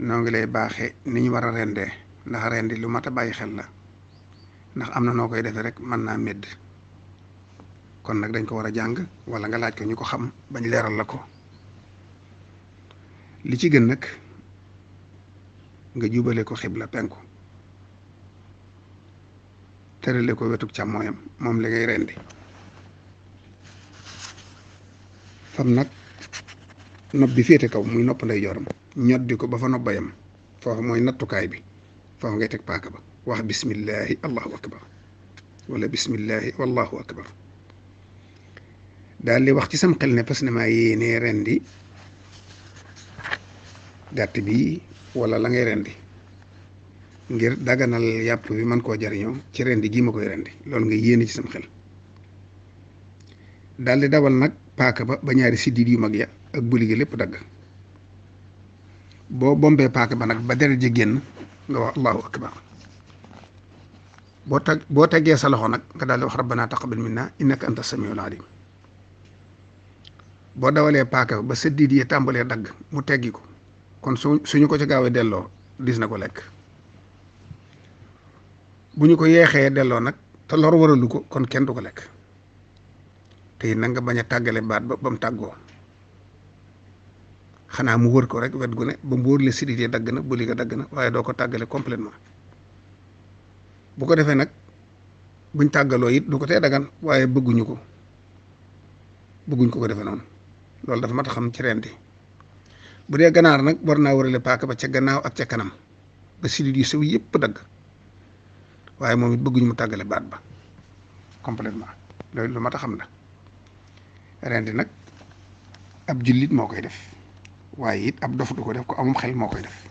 noo ngi lay baaxee ni ñu war a rendee ndax rendi lu mat a bàyyi xel la ndax am na noo koy defee rek mën naa medd kon nag dañ ko war a jàng wala nga laaj ko ñu ko xam bañ leeral la ko li ci gën nag nga jubale ko xibla penku tërale ko wetuk càmmooyam moom li ngay rendi fam nag nopp bi féete kaw muy nopp ndey jooram ñoddi ko ba fa nobba yam foofu mooy nattukaay bi foofu ngay teg paaka ba wax bismillahi allahu akbar wala bismillahi wallahu akbar daal di wax ci sam xel ne fas na maa yéenee rendi gàtt bi walla la ngay rendi ngir daganal yàpp bi man koo jariñoo ci rendi gii ma koy rendi loolu nga yéene ci sam xel daal di dawal nag paaka ba ba ñaari siddit yu mag ya ak buli lépp dagg boo bombee paaka ba nag ba deret ji génn nga wax allahu akbar boo tag boo teggee sa loxo nag nga daal di wax rabbana taqabbal minna innaka anta samiul alim boo dawalee paaka ba sëddiit yi tàmbalee dagg mu teggi ko kon su suñu ko ci gaawee delloo dis na ko lekk bu ñu ko yeexee delloo nag te lor waralu ko kon kenn du ko lekk te it nag nga bañ a tàggale baat ba ba mu tàggoo xanaa mu wër ko rek wet gu ne ba mu wër la sidit dagg na bëli ga dagg na waaye doo ko tàggale complètement bu ko defee nag buñ tàggaloo it du ko tee dagan waaye bëgguñu ko bëgguñ ko ko defee noonu loolu dafa mat a xam ci rendi bu dee ganaar nag war naa warale paaka ba ca gannaaw ak ca kanam ba sidit yu sew yëpp dagg waaye moom it bëgguñu mu tàggale baat ba completement loolu lu mat a xam la rendi nag ab jullit moo koy def waaye it ab dof du ko def ko amum xel moo ko def